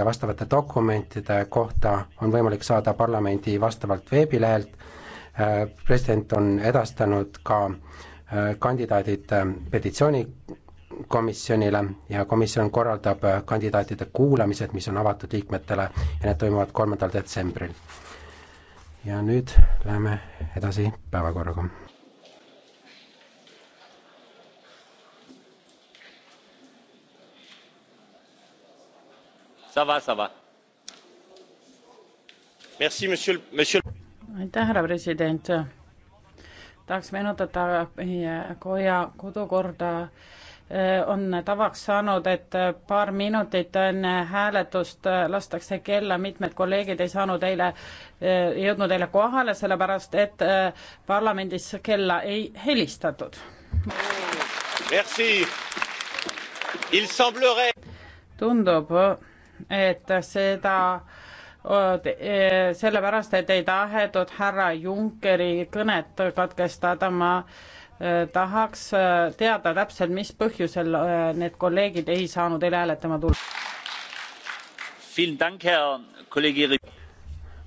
ja vastavate dokumentide kohta on võimalik saada parlamendi vastavalt veebilehelt. Äh, president on edastanud ka äh, kandidaadid äh, petitsioonikomisjonile ja komisjon korraldab kandidaatide kuulamised, mis on avatud liikmetele ja need toimuvad kolmandal detsembril. ja nüüd läheme edasi päevakorraga. aitäh härra president tahaks meenutada meie koja kodukorda eh, on tavaks saanud, et paar minutit enne hääletust eh, lastakse kella, mitmed kolleegid ei saanud eile, ei eh, jõudnud eile kohale, sellepärast et parlamendis kella ei helistatud. tundub et seda sellepärast, et ei tahetud härra Junckeri kõnet katkestada, ma tahaks teada täpselt, mis põhjusel need kolleegid ei saanud eile hääletama tulla.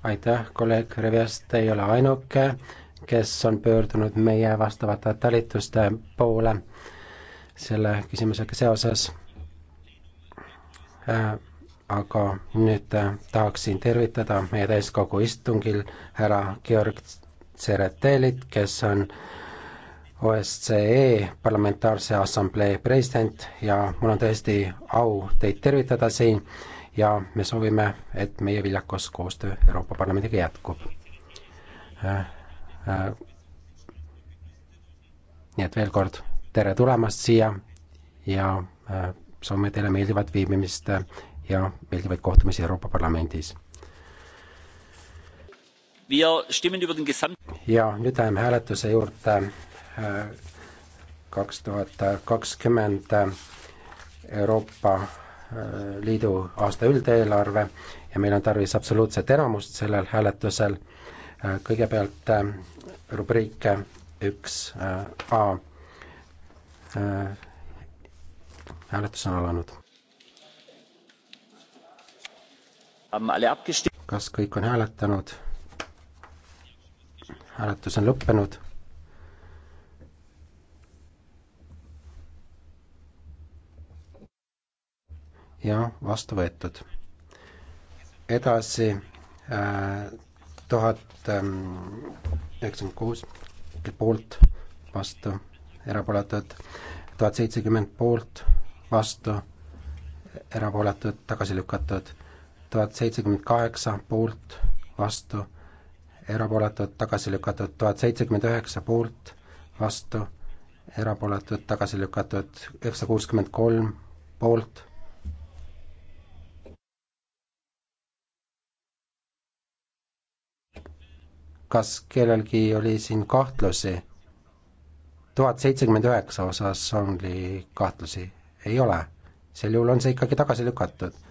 aitäh, kolleeg Reves, te ei ole ainuke, kes on pöördunud meie vastavate talituste poole selle küsimusega seoses äh, aga nüüd äh, tahaksin tervitada meie täiskogu istungil härra Georg Tseretelit, kes on OSCE Parlamentaarse Assamblee president ja mul on tõesti au teid tervitada siin ja me soovime, et meie viljakas koostöö Euroopa Parlamendiga jätkub. Äh, äh, nii et veel kord tere tulemast siia ja soovime teile meeldivat viibimist ja meeldivaid kohtumisi Euroopa Parlamendis. ja nüüd läheme hääletuse juurde äh, kaks tuhat kakskümmend äh, Euroopa äh, Liidu aasta üldeelarve ja meil on tarvis absoluutset enamust sellel hääletusel. kõigepealt rubriik üks A. hääletus on alanud kas kõik on hääletanud? hääletus on lõppenud. ja vastu võetud. edasi äh, tuhat ähm, üheksakümmend kuus poolt, vastu, erapooletud, tuhat seitsekümmend poolt, vastu, erapooletud, tagasi lükatud tuhat seitsekümmend kaheksa poolt, vastu, erapooletud, tagasi lükatud, tuhat seitsekümmend üheksa poolt, vastu, erapooletud, tagasi lükatud, üheksasada kuuskümmend kolm poolt kas kellelgi oli siin kahtlusi? tuhat seitsekümmend üheksa osas ongi kahtlusi, ei ole. sel juhul on see ikkagi tagasi lükatud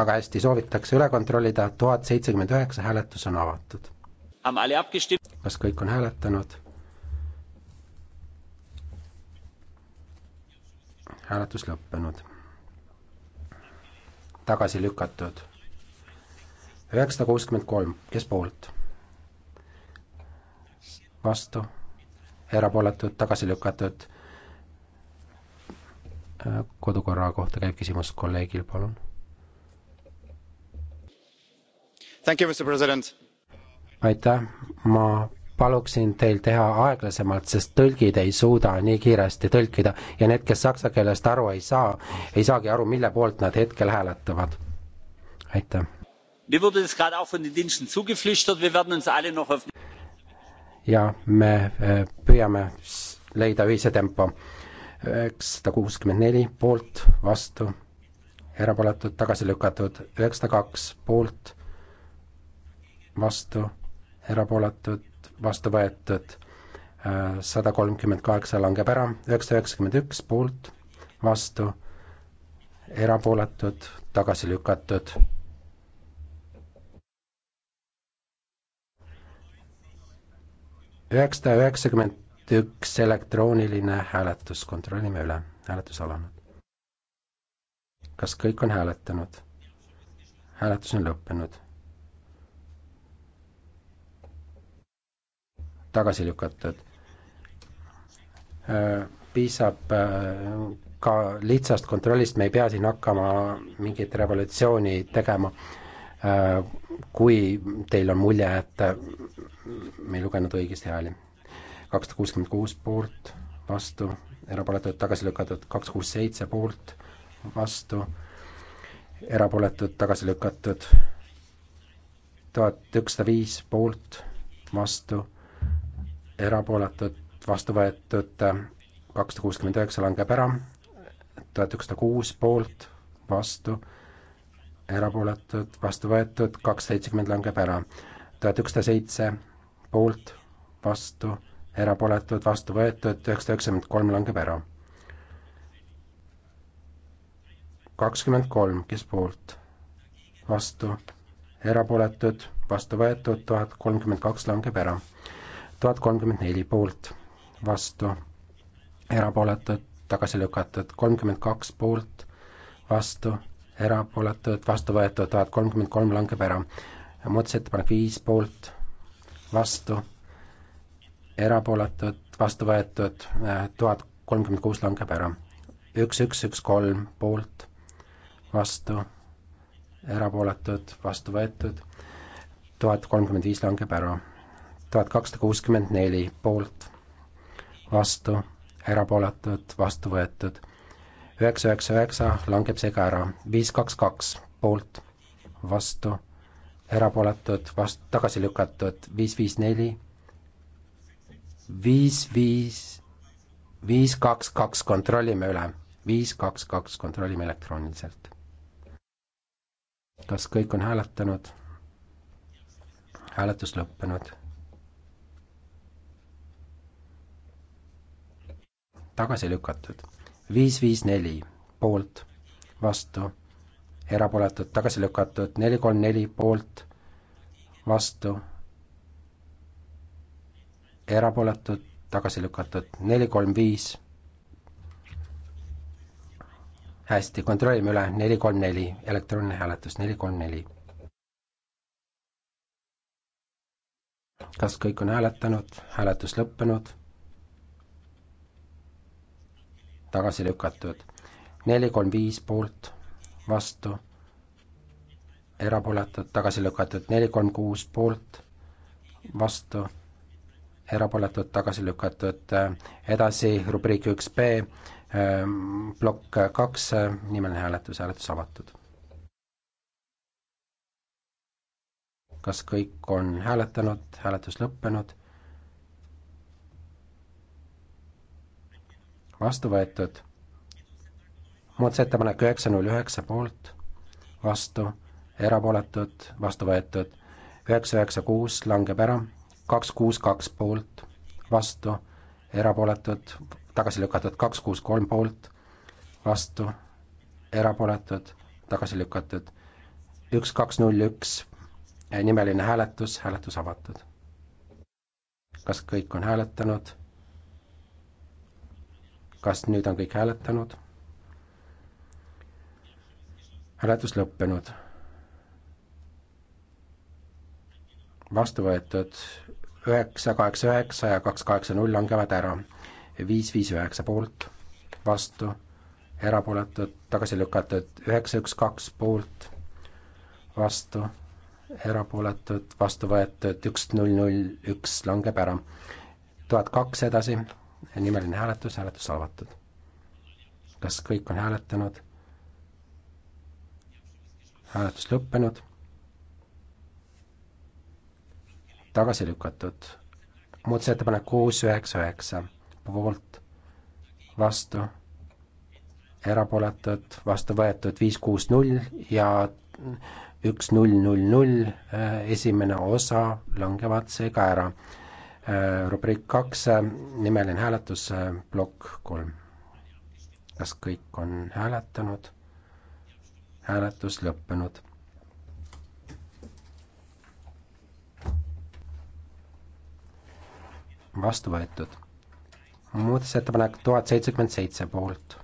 aga hästi, soovitakse üle kontrollida, tuhat seitsekümmend üheksa hääletus on avatud. kas kõik on hääletanud? hääletus lõppenud. tagasi lükatud. üheksasada kuuskümmend kolm, kes poolt? vastu, erapooletud, tagasi lükatud kodukorra kohta käib küsimus kolleegil, palun aitäh, ma paluksin teil teha aeglasemalt, sest tõlgid ei suuda nii kiiresti tõlkida ja need, kes saksa keelest aru ei saa, ei saagi aru, mille poolt nad hetkel hääletavad. aitäh. ja me äh, püüame leida ühise tempo. üheksasada kuuskümmend neli poolt, vastu, erapooletud, tagasi lükatud, üheksasada kaks poolt vastu, erapooletud, vastu võetud. sada kolmkümmend kaheksa langeb ära, üheksasada üheksakümmend üks poolt, vastu, erapooletud, tagasi lükatud. üheksasada üheksakümmend üks elektrooniline hääletus, kontrollime üle, hääletus alanud. kas kõik on hääletanud? hääletus on lõppenud tagasi lükatud. Äh, piisab äh, ka lihtsast kontrollist, me ei pea siin hakkama mingit revolutsiooni tegema. Äh, kui teil on mulje, et me ei lugenud õigesti hääli. kakssada kuuskümmend kuus poolt, vastu, erapooletud, tagasi lükatud, kaks kuus seitse poolt, vastu, erapooletud, tagasi lükatud, tuhat ükssada viis poolt, vastu erapooletud, vastu võetud kakssada kuuskümmend üheksa langeb ära, tuhat ükssada kuus poolt, vastu, erapooletud, vastu võetud, kaks seitsekümmend langeb ära, tuhat ükssada seitse poolt, vastu, erapooletud, vastu võetud, üheksasada üheksakümmend kolm langeb ära. kakskümmend kolm, kes poolt, vastu, erapooletud, vastu võetud, tuhat kolmkümmend kaks langeb ära tuhat kolmkümmend neli poolt, vastu, erapooletud, tagasi lükatud, kolmkümmend kaks poolt, vastu, erapooletud, vastu võetud, tuhat kolmkümmend kolm langeb ära. muudatusettepanek viis poolt, vastu, erapooletud, vastu võetud, tuhat kolmkümmend kuus langeb ära. üks, üks, üks, kolm poolt, vastu, erapooletud, vastu võetud, tuhat kolmkümmend viis langeb ära tuhat kakssada kuuskümmend neli poolt, vastu, erapooletud, vastu võetud. üheksa, üheksa, üheksa langeb see ka ära, viis, kaks, kaks poolt, vastu, erapooletud, vast-, tagasi lükatud, viis, viis, neli, viis, viis, viis, kaks, kaks, kontrollime üle, viis, kaks, kaks, kontrollime elektrooniliselt. kas kõik on hääletanud? hääletus lõppenud tagasi lükatud. viis, viis, neli poolt, vastu, erapooletud, tagasi lükatud, neli, kolm, neli poolt, vastu, erapooletud, tagasi lükatud, neli, kolm, viis. hästi, kontrollime üle, neli, kolm, neli, elektrooniline hääletus, neli, kolm, neli. kas kõik on hääletanud, hääletus lõppenud tagasi lükatud. neli, kolm, viis poolt, vastu, erapooletud, tagasi lükatud, neli, kolm, kuus poolt, vastu, erapooletud, tagasi lükatud, edasi rubriik üks B, ähm, plokk kaks, nimeline hääletus, hääletus avatud. kas kõik on hääletanud, hääletus lõppenud vastu võetud. muudatusettepanek üheksa null üheksa poolt, vastu, erapooletud, vastu võetud. üheksa üheksa kuus langeb ära, kaks kuus kaks poolt, vastu, erapooletud, tagasi lükatud, kaks kuus kolm poolt, vastu, erapooletud, tagasi lükatud. üks kaks null üks, nimeline hääletus, hääletus avatud. kas kõik on hääletanud? kas nüüd on kõik hääletanud? hääletus lõppenud. vastu võetud üheksa, kaheksa, üheksa ja kaks, kaheksa, null langevad ära. viis, viis, üheksa poolt, vastu, erapooletud, tagasi lükatud, üheksa, üks, kaks poolt, vastu, erapooletud, vastu võetud, üks, null, null, üks langeb ära. tuhat kaks edasi nimeline hääletus, hääletus avatud. kas kõik on hääletanud? hääletus lõppenud. tagasi lükatud. muudatusettepanek kuus, üheksa, üheksa, poolt, vastu, erapooletud, vastu võetud viis, kuus, null ja üks, null, null, null, esimene osa langevad seega ära rubriik kaks, nimeline hääletus, plokk kolm. kas kõik on hääletanud? hääletus lõppenud. vastu võetud. muudatusettepanek tuhat seitsekümmend seitse poolt,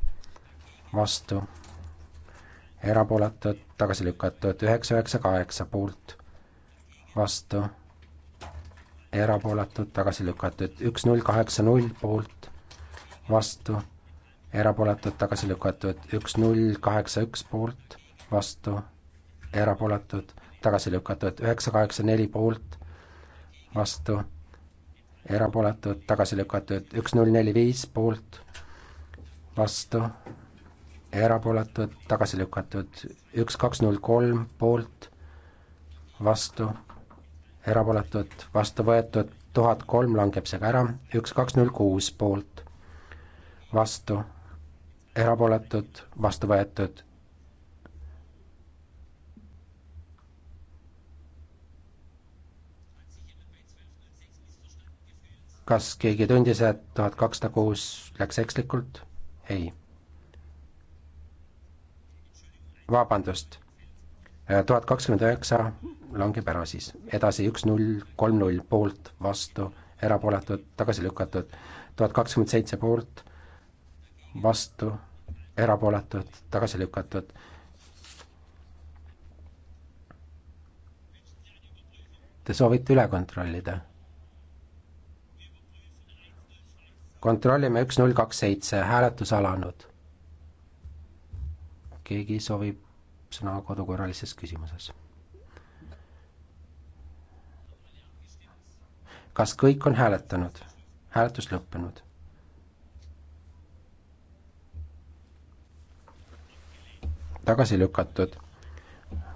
vastu, erapooletud, tagasi lükatud, üheksa, üheksa, kaheksa poolt, vastu erapooletud, tagasi lükatud, üks null kaheksa null poolt, vastu, erapooletud, tagasi lükatud, üks null kaheksa üks poolt, vastu, erapooletud, tagasi lükatud, üheksa kaheksa neli poolt, vastu, erapooletud, tagasi lükatud, üks null neli viis poolt, vastu, erapooletud, tagasi lükatud, üks kaks null kolm poolt, vastu erapooletud, vastu võetud, tuhat kolm langeb seega ära, üks, kaks, null, kuus poolt, vastu, erapooletud, vastu võetud. kas keegi tundis, et tuhat kakssada kuus läks ekslikult? ei. vabandust tuhat kakskümmend üheksa langeb ära siis, edasi üks null, kolm null poolt, vastu, erapooletud, tagasi lükatud, tuhat kakskümmend seitse poolt, vastu, erapooletud, tagasi lükatud. Te soovite üle kontrollida? kontrollime üks null kaks seitse, hääletus alanud. keegi soovib sõna kodukorralises küsimuses. kas kõik on hääletanud? hääletus lõppenud. tagasi lükatud.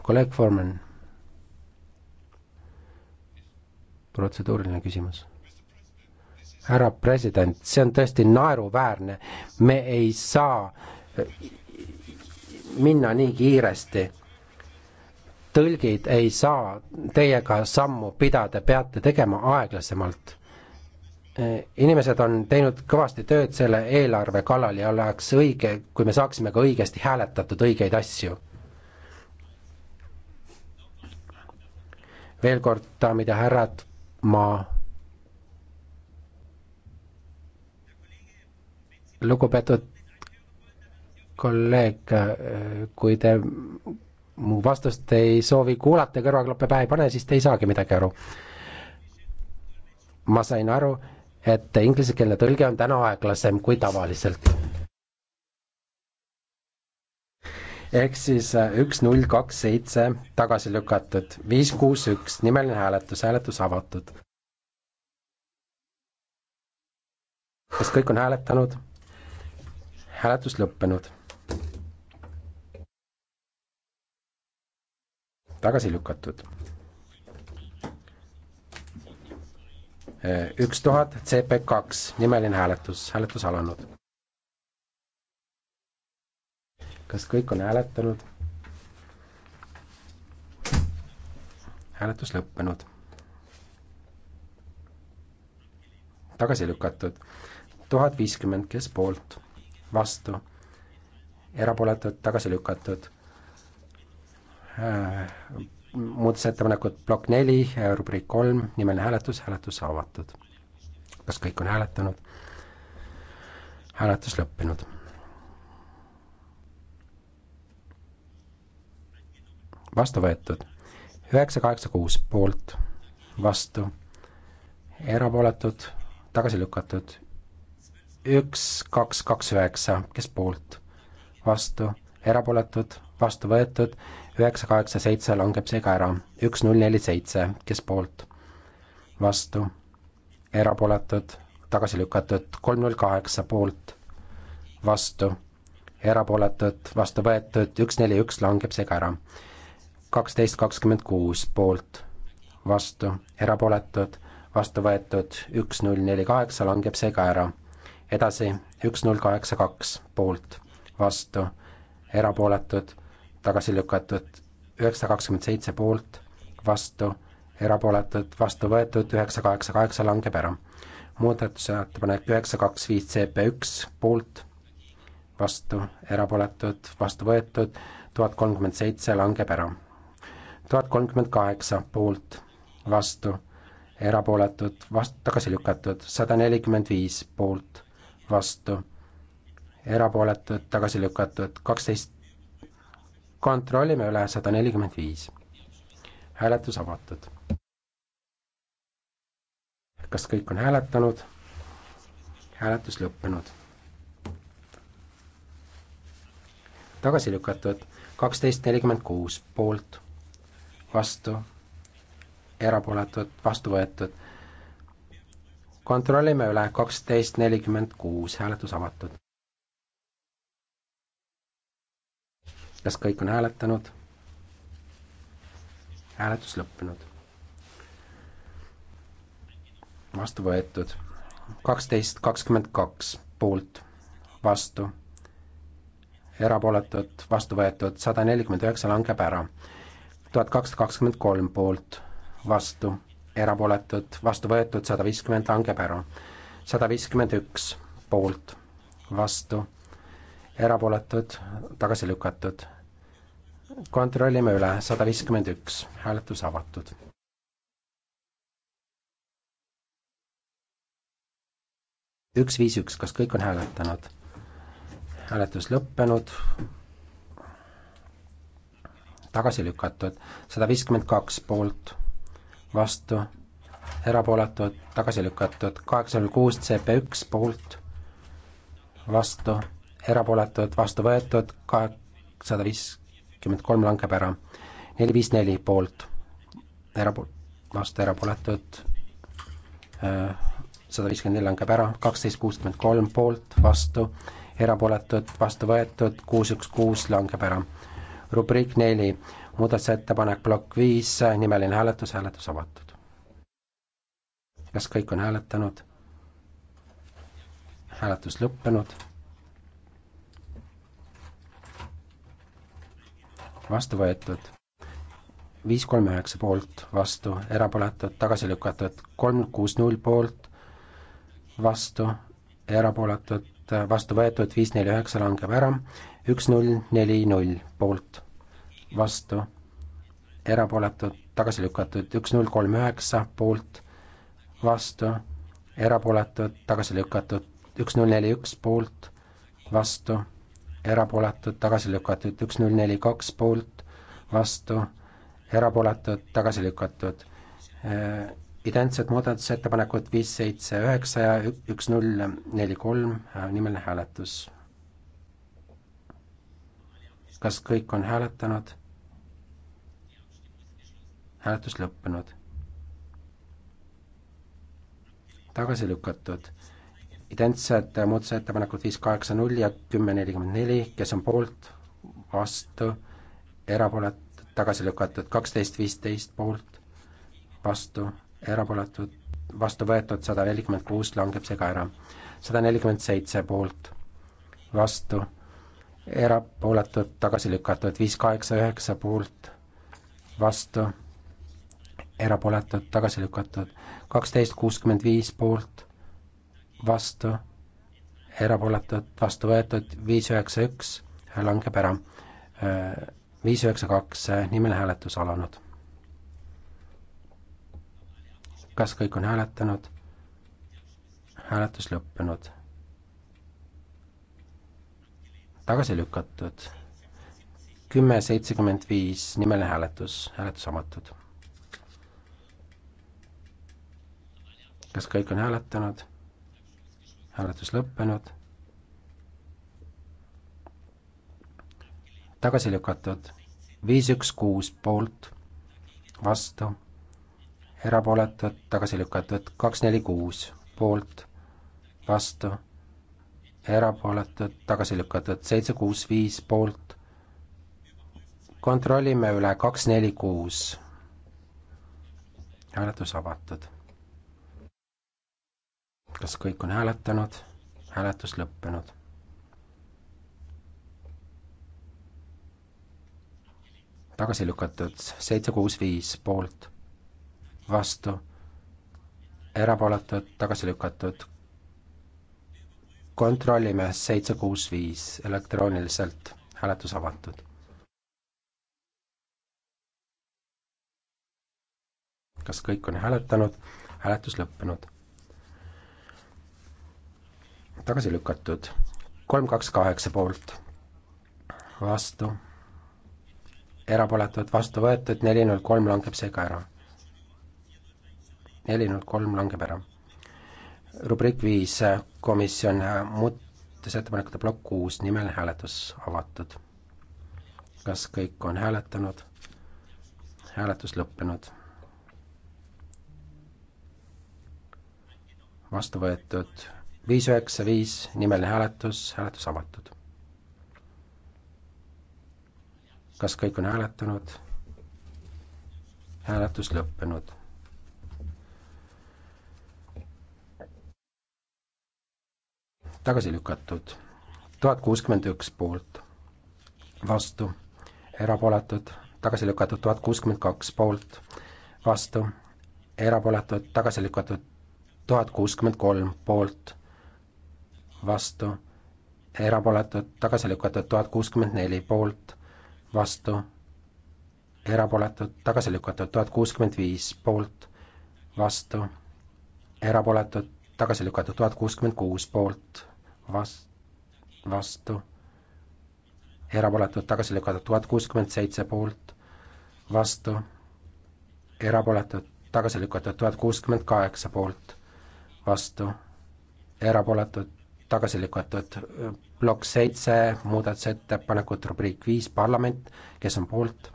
kolleeg Forman. protseduuriline küsimus härra president, see on tõesti naeruväärne. me ei saa minna nii kiiresti. tõlgid ei saa teiega sammu pidada, peate tegema aeglasemalt. inimesed on teinud kõvasti tööd selle eelarve kallal ja oleks õige, kui me saaksime ka õigesti hääletatud õigeid asju veel kord, daamid ja härrad, ma lugupeetud kolleeg, kui te mu vastust ei soovi kuulata ja kõrvaklappe pähe ei pane, siis te ei saagi midagi aru. ma sain aru, et inglisekeelne tõlge on täna aeglasem kui tavaliselt. ehk siis üks, null, kaks, seitse tagasi lükatud, viis, kuus, üks, nimeline hääletus, hääletus avatud. kas kõik on hääletanud? hääletus lõppenud tagasi lükatud. üks tuhat CP kaks, nimeline hääletus, hääletus alanud. kas kõik on hääletanud? hääletus lõppenud. tagasi lükatud tuhat viiskümmend, kes poolt, vastu, erapooletud, tagasi lükatud Äh, muudatusettepanekud plokk neli, rubriik kolm, nimeline hääletus, hääletus avatud. kas kõik on hääletanud? hääletus lõppenud. vastu võetud üheksa, kaheksa, kuus poolt, vastu, erapooletud, tagasi lükatud, üks, kaks, kaks, üheksa, kes poolt, vastu, erapooletud vastu võetud, üheksa, kaheksa, seitse langeb seega ära, üks, null, neli, seitse, kes poolt, vastu, erapooletud, tagasi lükatud, kolm, null, kaheksa poolt, vastu, erapooletud, vastu võetud, üks, neli, üks langeb seega ära, kaksteist, kakskümmend kuus poolt, vastu, erapooletud, vastu võetud, üks, null, neli, kaheksa langeb seega ära edasi üks null kaheksa kaks poolt, vastu, erapooletud, tagasi lükatud, üheksasada kakskümmend seitse poolt, vastu, erapooletud, vastu võetud, üheksa kaheksa kaheksa langeb ära. muudatusettepanek üheksa kaks viis CP üks poolt, vastu, erapooletud, vastu võetud, tuhat kolmkümmend seitse langeb ära. tuhat kolmkümmend kaheksa poolt, vastu, erapooletud, vast-, tagasi lükatud, sada nelikümmend viis poolt, vastu, erapooletud, tagasi lükatud, kaksteist kontrollime üle sada nelikümmend viis. hääletus avatud. kas kõik on hääletanud? hääletus lõppenud. tagasi lükatud kaksteist nelikümmend kuus poolt, vastu, erapooletud, vastu võetud. kontrollime üle kaksteist nelikümmend kuus, hääletus avatud. kas kõik on hääletanud? hääletus lõppenud. vastu võetud kaksteist kakskümmend kaks poolt, vastu, erapooletud, vastu võetud sada nelikümmend üheksa langeb ära. tuhat kakssada kakskümmend kolm poolt, vastu, erapooletud, vastu võetud sada viiskümmend langeb ära. sada viiskümmend üks poolt, vastu erapooletud, tagasi lükatud. kontrollime üle, sada viiskümmend üks, hääletus avatud. üks, viis, üks, kas kõik on hääletanud? hääletus lõppenud, tagasi lükatud, sada viiskümmend kaks poolt, vastu, erapooletud, tagasi lükatud, kaheksakümmend kuus CP üks poolt, vastu erapooletud, vastu võetud, kaheksasada viiskümmend kolm langeb ära. neli, viis, neli poolt, erapo-, vastu erapooletud, sada viiskümmend neli langeb ära, kaksteist kuuskümmend kolm poolt, vastu, erapooletud, vastu võetud, kuus, üks, kuus langeb ära. rubriik neli, muudatusettepanek plokk viis, nimeline hääletus, hääletus avatud. kas kõik on hääletanud? hääletus lõppenud vastu võetud, viis kolm üheksa poolt, vastu, erapooletud, tagasi lükatud, kolm kuus null poolt, vastu, erapooletud, vastu võetud, viis neli üheksa langeb ära, üks null neli null poolt, vastu, erapooletud, tagasi lükatud, üks null kolm üheksa poolt, vastu, erapooletud, tagasi lükatud, üks null neli üks poolt, vastu erapooletud, tagasi lükatud, üks null neli kaks poolt, vastu, erapooletud, tagasi lükatud. Äh, identsed muudatusettepanekud viis, seitse, üheksa ja üks, null, neli, kolm, äh, nimeline hääletus. kas kõik on hääletanud? hääletus lõppenud. tagasi lükatud identsed muudatusettepanekud viis kaheksa null ja kümme nelikümmend neli, kes on poolt, vastu, erapooletud, tagasi lükatud, kaksteist viisteist poolt, vastu, erapooletud, vastu võetud, sada nelikümmend kuus langeb seega ära. sada nelikümmend seitse poolt, vastu, erapooletud, tagasi lükatud, viis kaheksa üheksa poolt, vastu, erapooletud, tagasi lükatud, kaksteist kuuskümmend viis poolt vastu, erapooletud, vastu võetud, viis üheksa üks langeb ära. viis üheksa kaks, nimeline hääletus alanud. kas kõik on hääletanud? hääletus lõppenud. tagasi lükatud. kümme seitsekümmend viis, nimeline hääletus, hääletus avatud. kas kõik on hääletanud? hääletus lõppenud. tagasi lükatud viis, üks, kuus poolt, vastu, erapooletud, tagasi lükatud kaks, neli, kuus poolt, vastu, erapooletud, tagasi lükatud seitse, kuus, viis poolt. kontrollime üle kaks, neli, kuus. hääletus avatud kas kõik on hääletanud? hääletus lõppenud. tagasi lükatud seitse, kuus, viis poolt, vastu, erapooletud, tagasi lükatud. kontrollime seitse, kuus, viis elektrooniliselt, hääletus avatud. kas kõik on hääletanud? hääletus lõppenud tagasi lükatud. kolm, kaks, kaheksa poolt, vastu, erapooletud, vastu võetud, neli, null, kolm langeb seega ära. neli, null, kolm langeb ära. rubriik viis, komisjon muudatusettepanekute plokk kuus, nimeline hääletus avatud. kas kõik on hääletanud? hääletus lõppenud vastu võetud viis üheksa viis, nimeline hääletus, hääletus avatud. kas kõik on hääletanud? hääletus lõppenud. tagasi lükatud, tuhat kuuskümmend üks poolt, vastu, erapooletud, tagasi lükatud tuhat kuuskümmend kaks poolt, vastu, erapooletud, tagasi lükatud tuhat kuuskümmend kolm poolt vastu, erapooletud, tagasi lükatud, tuhat kuuskümmend neli poolt, vastu, erapooletud, tagasi lükatud, tuhat kuuskümmend viis poolt, vastu, erapooletud, tagasi lükatud, tuhat kuuskümmend kuus poolt, vas-, vastu, erapooletud, tagasi lükatud, tuhat kuuskümmend seitse poolt, vastu, erapooletud, tagasi lükatud, tuhat kuuskümmend kaheksa poolt, vastu, erapooletud, tagasi lükatud. plokk seitse, muudatusettepanekud, rubriik viis, parlament, kes on poolt,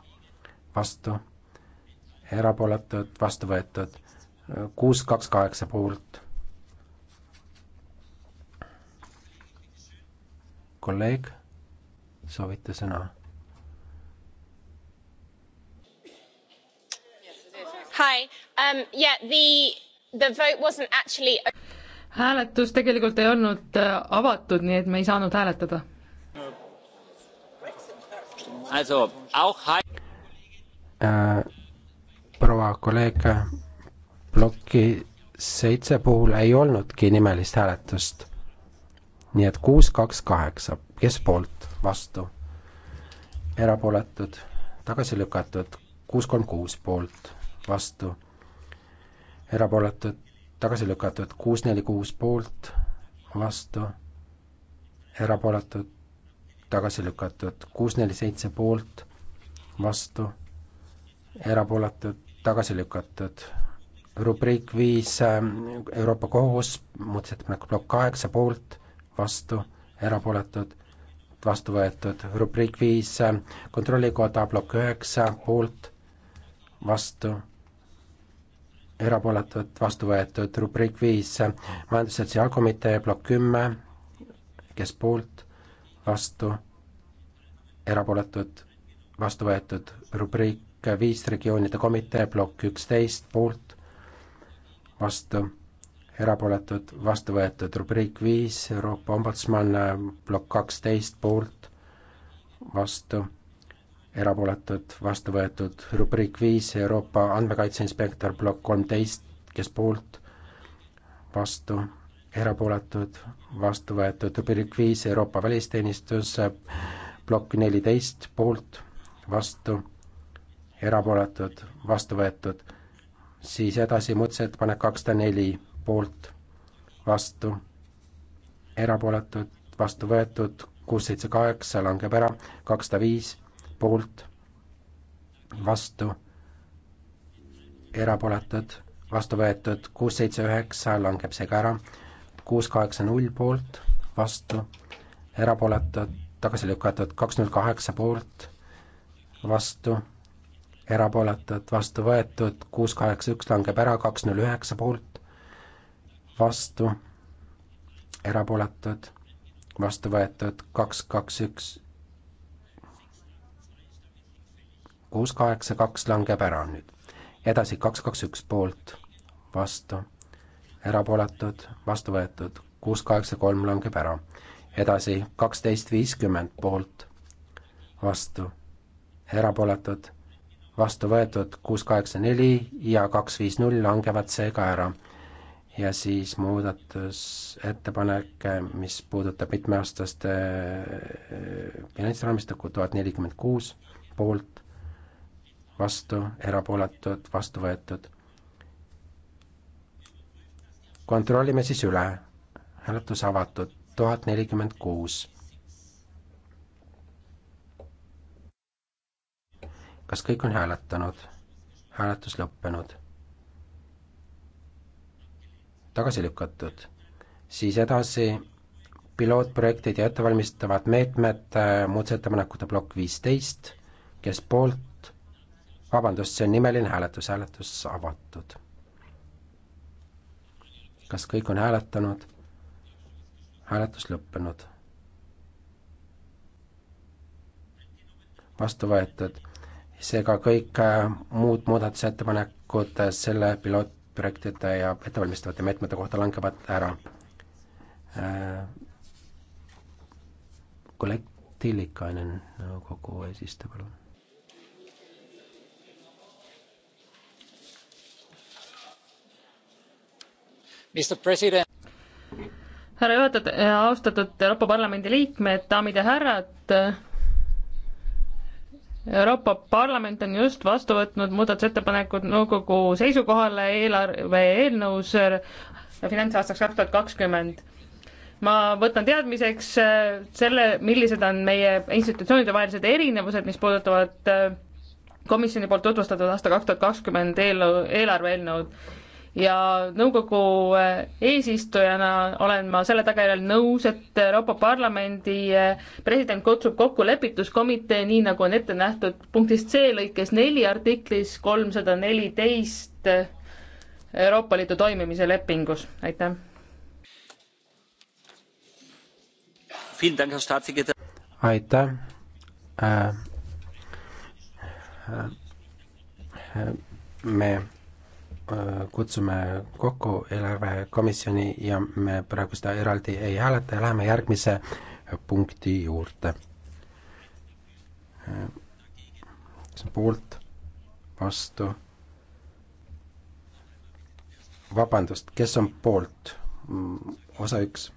vastu, erapooletud, vastu võetud, kuus, kaks, kaheksa poolt. kolleeg, soovite sõna? Hi um,, yeah the, the vote wasn't actually hääletus tegelikult ei olnud äh, avatud, nii et me ei saanud hääletada. Äh, proua kolleeg ploki seitse puhul ei olnudki nimelist hääletust. nii et kuus, kaks, kaheksa, kes poolt, vastu, erapooletud, tagasi lükatud, kuus, kolm, kuus poolt, vastu, erapooletud, tagasi lükatud kuus neli kuus poolt, vastu, erapooletud, tagasi lükatud kuus neli seitse poolt, vastu, erapooletud, tagasi lükatud. rubriik viis äh, Euroopa Kohus, muudatusettepanek plokk kaheksa poolt, vastu, erapooletud, vastu võetud. rubriik viis äh, Kontrollikoda plokk üheksa poolt, vastu erapooletult vastu võetud, rubriik viis, majandus- ja sotsiaalkomitee plokk kümme, kes poolt, vastu, erapooletud, vastu võetud, rubriik viis, regioonide komitee plokk üksteist, poolt, vastu, erapooletud, vastu võetud, rubriik viis, Euroopa ombudsman plokk kaksteist, poolt, vastu erapooletud, vastu võetud, rubriik viis, Euroopa Andmekaitse Inspektor, plokk kolmteist, kes poolt, vastu, erapooletud, vastu võetud, rubriik viis, Euroopa Välisteenistus, plokk neliteist, poolt, vastu, erapooletud, vastu võetud, siis edasi muudatusettepanek kakssada neli, poolt, vastu, erapooletud, vastu võetud, kuus, seitse, kaheksa langeb ära, kakssada viis poolt, vastu, erapooletud, vastu võetud, kuus, seitse, üheksa langeb see ka ära, kuus, kaheksa, null poolt, vastu, erapooletud, tagasi lükatud, kaks, null, kaheksa poolt, vastu, erapooletud, vastu võetud, kuus, kaheksa, üks langeb ära, kaks, null, üheksa poolt, vastu, erapooletud, vastu võetud, kaks, kaks, üks kuus, kaheksa, kaks langeb ära nüüd. edasi kaks, kaks, üks poolt, vastu, erapooletud, vastu võetud, kuus, kaheksa, kolm langeb ära. edasi kaksteist, viiskümmend poolt, vastu, erapooletud, vastu võetud, kuus, kaheksa, neli ja kaks, viis, null langevad seega ära. ja siis muudatusettepanek, mis puudutab mitmeaastaste eh, finantsraamistikku, tuhat nelikümmend kuus poolt vastu, erapooletud, vastu võetud. kontrollime siis üle. hääletus avatud, tuhat nelikümmend kuus. kas kõik on hääletanud? hääletus lõppenud. tagasi lükatud. siis edasi pilootprojektid ja ettevalmistavad meetmed, äh, muudatusettepanekute plokk viisteist, kes poolt, vabandust, see on nimeline hääletus, hääletus avatud. kas kõik on hääletanud? hääletus lõppenud. vastu võetud. seega kõik äh, muud muudatusettepanekud äh, selle pilootprojektide ja ettevalmistavate meetmete kohta langevad ära. Äh, kolleeg Tillikainen, nõukogu eesistuja, palun härra juhataja, eh, austatud Euroopa Parlamendi liikmed, daamid ja härrad. Euroopa Parlament on just vastu võtnud muudatusettepanekud nõukogu seisukohale eelarve eelnõus finantsaastaks kaks tuhat kakskümmend ma võtan teadmiseks eh, selle, millised on meie institutsioonide vahelised erinevused, mis puudutavad eh, komisjoni poolt tutvustatud aasta kaks tuhat kakskümmend eelarve eelnõud ja nõukogu eh, eesistujana olen ma selle tagajärjel nõus, et Euroopa Parlamendi eh, president kutsub kokku lepituskomitee, nii nagu on ette nähtud punktist C lõikes neli artiklis kolmsada neliteist eh, Euroopa Liidu toimimise lepingus, aitäh. aitäh äh,. Äh, äh me Äh, kutsume kokku eelarvekomisjoni ja me praegu seda eraldi ei hääleta ja läheme järgmise punkti juurde. Äh, kas on poolt, vastu? vabandust, kes on poolt? Mm, osa üks,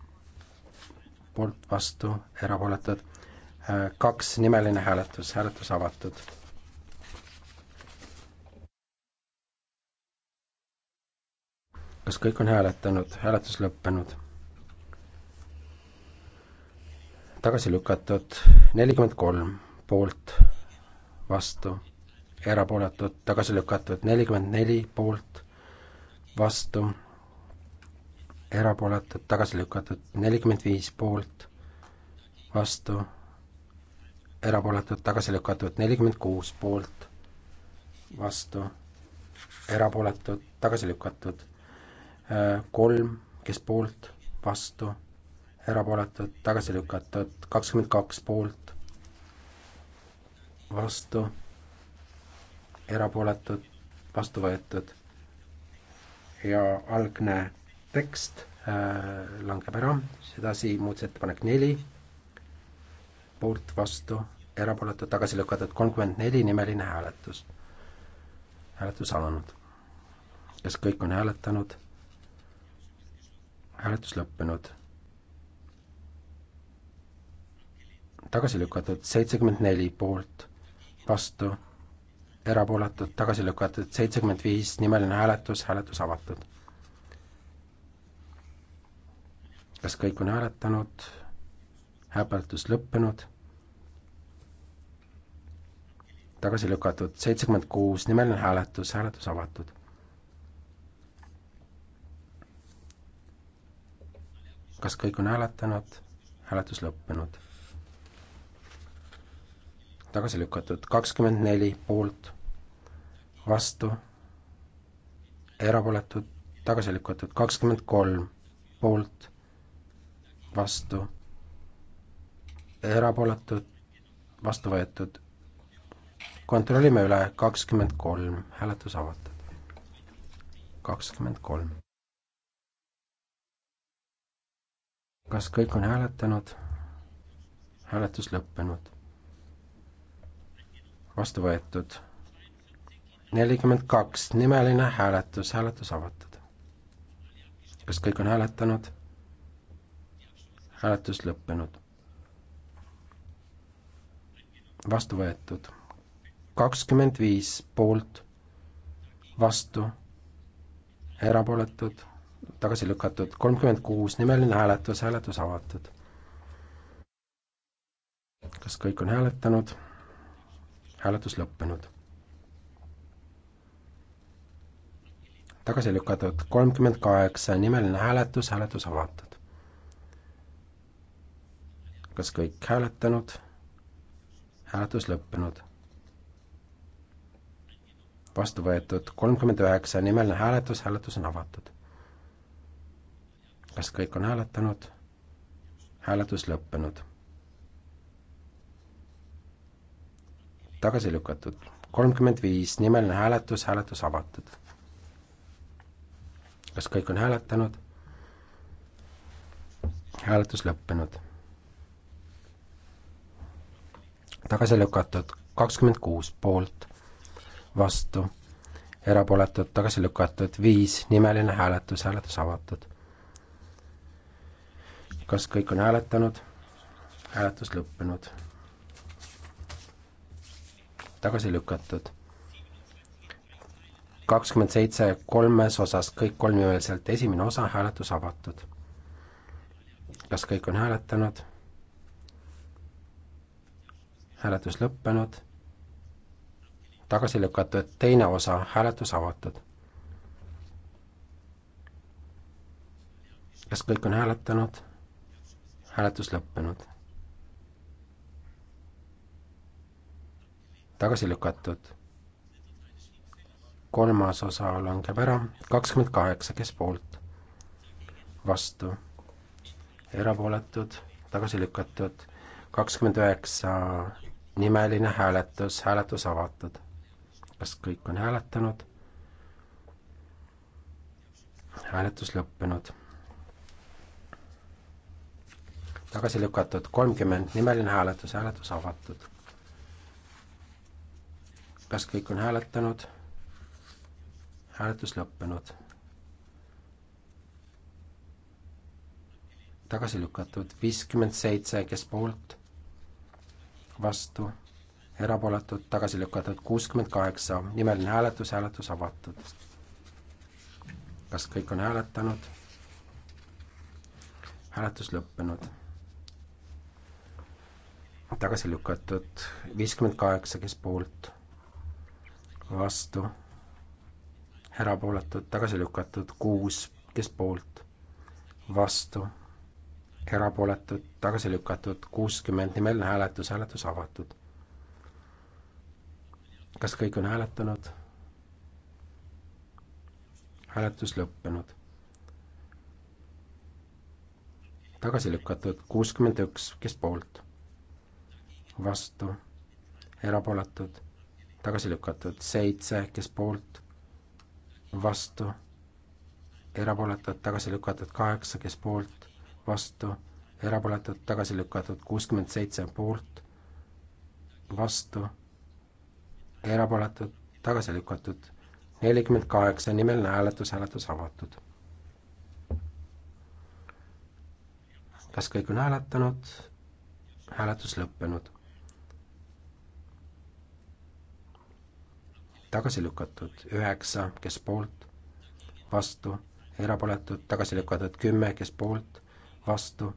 poolt, vastu, erapooletud, äh, kaks nimeline hääletus, hääletus avatud kas kõik on hääletanud, hääletus lõppenud? tagasi lükatud nelikümmend kolm poolt, vastu, erapooletud, tagasi lükatud nelikümmend neli poolt, vastu, erapooletud, tagasi lükatud nelikümmend viis poolt, vastu, erapooletud, tagasi lükatud nelikümmend kuus poolt, vastu, erapooletud, tagasi lükatud kolm, kes poolt, vastu, erapooletud, tagasi lükatud, kakskümmend kaks poolt, vastu, erapooletud, vastu võetud. ja algne tekst äh, langeb ära, sedasi muudatusettepanek neli, poolt, vastu, erapooletud, tagasi lükatud, kolmkümmend neli, nimeline hääletus. hääletus alanud. kas kõik on hääletanud? hääletus lõppenud. tagasi lükatud seitsekümmend neli poolt, vastu, erapooletud, tagasi lükatud seitsekümmend viis, nimeline hääletus, hääletus avatud. kas kõik on hääletanud? hääletus lõppenud tagasi lükatud, seitsekümmend kuus, nimeline hääletus, hääletus avatud. kas kõik on hääletanud? hääletus lõppenud. tagasi lükatud kakskümmend neli poolt, vastu, erapooletud, tagasi lükatud kakskümmend kolm poolt, vastu, erapooletud, vastu võetud. kontrollime üle, kakskümmend kolm, hääletus avatud. kakskümmend kolm. kas kõik on hääletanud? hääletus lõppenud. vastu võetud. nelikümmend kaks, nimeline hääletus, hääletus avatud. kas kõik on hääletanud? hääletus lõppenud. vastu võetud kakskümmend viis poolt, vastu, erapooletud, tagasi lükatud, kolmkümmend kuus nimeline hääletus, hääletus avatud. kas kõik on hääletanud? hääletus lõppenud. tagasi lükatud, kolmkümmend kaheksa nimeline hääletus, hääletus avatud. kas kõik hääletanud? hääletus lõppenud. vastu võetud kolmkümmend üheksa nimeline hääletus, hääletus on avatud kas kõik on hääletanud? hääletus lõppenud. tagasi lükatud. kolmkümmend viis, nimeline hääletus, hääletus avatud. kas kõik on hääletanud? hääletus lõppenud. tagasi lükatud. kakskümmend kuus poolt, vastu, erapooletud, tagasi lükatud, viis, nimeline hääletus, hääletus avatud kas kõik on hääletanud? hääletus lõppenud. tagasi lükatud. kakskümmend seitse kolmes osas, kõik kolmnimeliselt, esimene osa hääletus avatud. kas kõik on hääletanud? hääletus lõppenud. tagasi lükatud, teine osa hääletus avatud kas kõik on hääletanud? hääletus lõppenud. tagasi lükatud. kolmas osa langeb ära, kakskümmend kaheksa, kes poolt? vastu, erapooletud, tagasi lükatud, kakskümmend üheksa, nimeline hääletus, hääletus avatud. kas kõik on hääletanud? hääletus lõppenud tagasi lükatud, kolmkümmend, nimeline hääletus, hääletus avatud. kas kõik on hääletanud? hääletus lõppenud. tagasi lükatud, viiskümmend seitse, kes poolt, vastu, erapooletud, tagasi lükatud, kuuskümmend kaheksa, nimeline hääletus, hääletus avatud. kas kõik on hääletanud? hääletus lõppenud tagasi lükatud, viiskümmend kaheksa, kes poolt, vastu, erapooletud, tagasi lükatud, kuus, kes poolt, vastu, erapooletud, tagasi lükatud, kuuskümmend, nimeline hääletus, hääletus avatud. kas kõik on hääletanud? hääletus lõppenud. tagasi lükatud, kuuskümmend üks, kes poolt vastu, erapooletud, tagasi lükatud, seitse, kes poolt, vastu, erapooletud, tagasi lükatud, kaheksa, kes poolt, vastu, erapooletud, tagasi lükatud, kuuskümmend seitse poolt, vastu, erapooletud, tagasi lükatud, nelikümmend kaheksa, nimeline hääletus, hääletus avatud. kas kõik on hääletanud? hääletus lõppenud tagasi lükatud üheksa, kes poolt, vastu, erapooletud, tagasi lükatud kümme, kes poolt, vastu,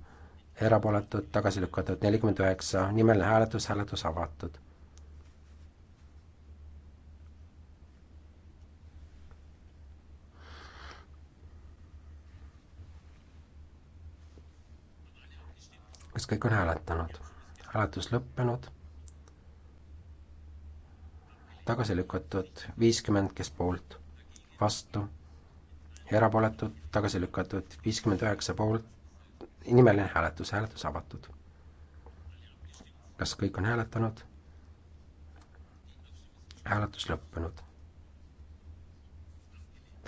erapooletud, tagasi lükatud nelikümmend üheksa, nimeline hääletus, hääletus avatud. kas kõik on hääletanud? hääletus lõppenud tagasi lükatud, viiskümmend, kes poolt, vastu, erapooletud, tagasi lükatud, viiskümmend üheksa poolt, nimeline hääletus, hääletus avatud. kas kõik on hääletanud? hääletus lõppenud.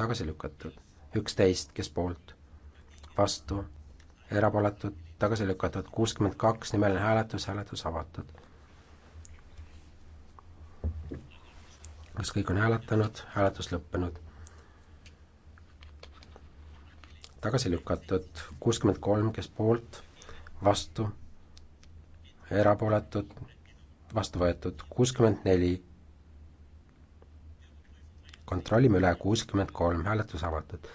tagasi lükatud, üksteist, kes poolt, vastu, erapooletud, tagasi lükatud, kuuskümmend kaks, nimeline hääletus, hääletus avatud kas kõik on hääletanud, hääletus lõppenud? tagasi lükatud, kuuskümmend kolm, kes poolt, vastu, erapooletud, vastu võetud, kuuskümmend neli. kontrollime üle, kuuskümmend kolm, hääletus avatud.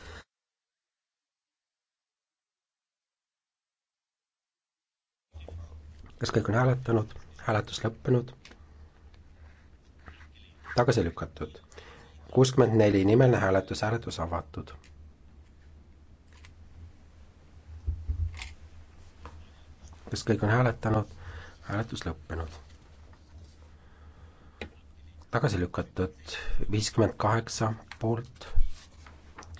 kas kõik on hääletanud, hääletus lõppenud? tagasi lükatud. kuuskümmend neli nimeline hääletus, hääletus avatud. kas kõik on hääletanud? hääletus lõppenud. tagasi lükatud viiskümmend kaheksa poolt,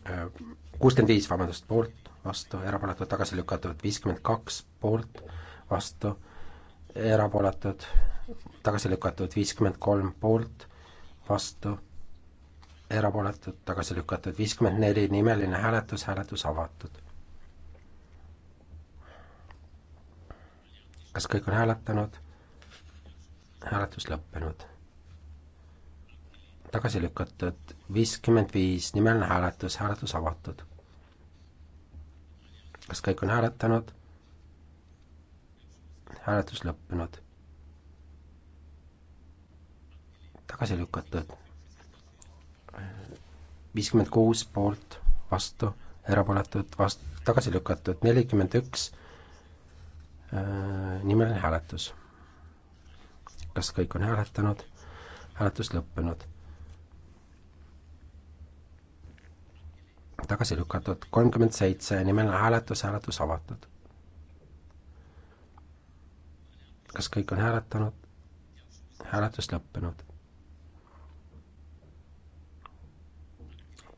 äh, kuuskümmend viis, vabandust, poolt, vastu, erapooletud, tagasi lükatud, viiskümmend kaks poolt, vastu, erapooletud, tagasi lükatud, viiskümmend kolm poolt, vastu, erapooletud, tagasi lükatud, viiskümmend neli, nimeline hääletus, hääletus avatud. kas kõik on hääletanud? hääletus lõppenud. tagasi lükatud, viiskümmend viis, nimeline hääletus, hääletus avatud. kas kõik on hääletanud? hääletus lõppenud tagasi lükatud. viiskümmend kuus poolt, vastu, erapooletud, vastu, tagasi lükatud, nelikümmend üks äh, nimeline hääletus. kas kõik on hääletanud? hääletus lõppenud. tagasi lükatud, kolmkümmend seitse nimeline hääletus, hääletus avatud. kas kõik on hääletanud? hääletus lõppenud.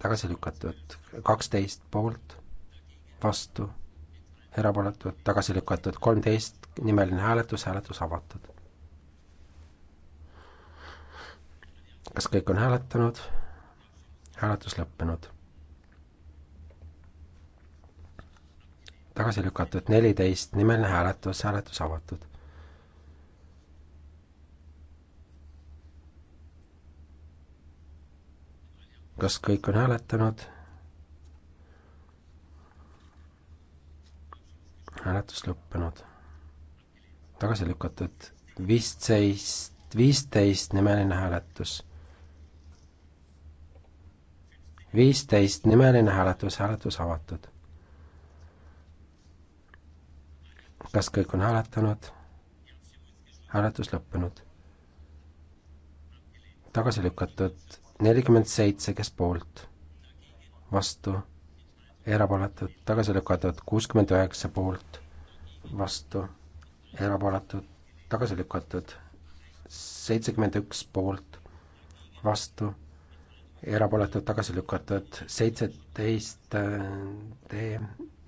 tagasi lükatud, kaksteist poolt, vastu, erapooletud, tagasi lükatud, kolmteist, nimeline hääletus, hääletus avatud. kas kõik on hääletanud? hääletus lõppenud. tagasi lükatud, neliteist, nimeline hääletus, hääletus avatud. kas kõik on hääletanud? hääletus lõppenud. tagasi lükatud viisteist, viisteist nimeline hääletus. viisteist nimeline hääletus, hääletus avatud. kas kõik on hääletanud? hääletus lõppenud. tagasi lükatud nelikümmend seitse, kes poolt, vastu, erapooletud, tagasi lükatud, kuuskümmend üheksa poolt, vastu, erapooletud, tagasi lükatud, seitsekümmend üks poolt, vastu, erapooletud, tagasi lükatud, seitseteist D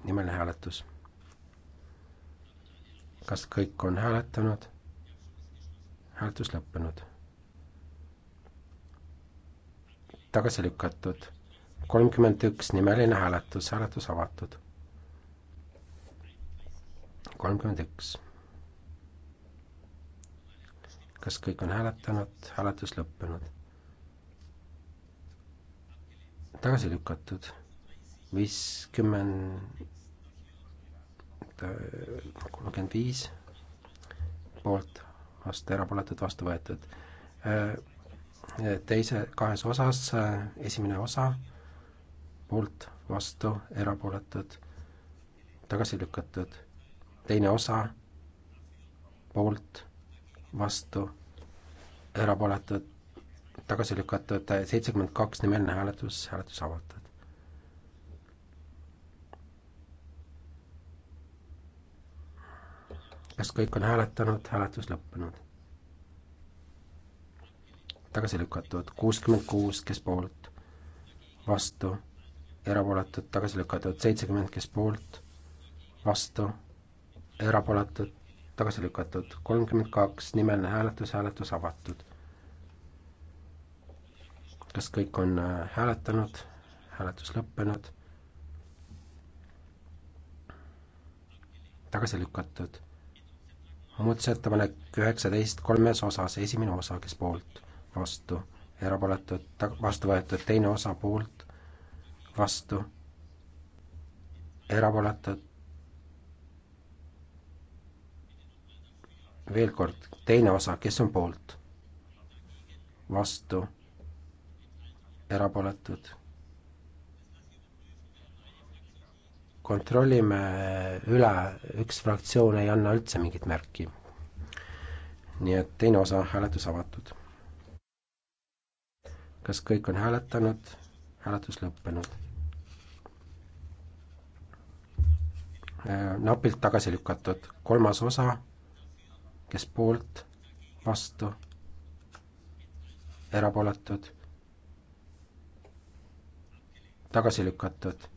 nimeline hääletus. kas kõik on hääletanud? hääletus lõppenud tagasi lükatud. kolmkümmend üks nimeline hääletus, hääletus avatud. kolmkümmend üks. kas kõik on hääletanud, hääletus lõppenud? tagasi lükatud, viiskümmend, kolmkümmend viis poolt, vastu, erapooletud, vastu võetud äh, teise kahes osas, äh, esimene osa poolt, vastu, erapooletud, tagasi lükatud. teine osa poolt, vastu, erapooletud, tagasi lükatud, seitsekümmend kaks nimeline hääletus, hääletus avatud. kas kõik on hääletanud, hääletus lõppenud? tagasi lükatud, kuuskümmend kuus, kes poolt, vastu, erapooletud, tagasi lükatud, seitsekümmend, kes poolt, vastu, erapooletud, tagasi lükatud, kolmkümmend kaks, nimeline hääletus, hääletus avatud. kas kõik on äh, hääletanud, hääletus lõppenud? tagasi lükatud muudatusettepanek üheksateist kolmes osas, esimene osa, kes poolt, vastu, erapooletud, vastu võetud, teine osa poolt, vastu, erapooletud. veel kord, teine osa, kes on poolt, vastu, erapooletud. kontrollime üle, üks fraktsioon ei anna üldse mingit märki. nii et teine osa hääletus avatud kas kõik on hääletanud? hääletus lõppenud. Äh, napilt tagasi lükatud, kolmas osa, kes poolt, vastu, erapooletud, tagasi lükatud.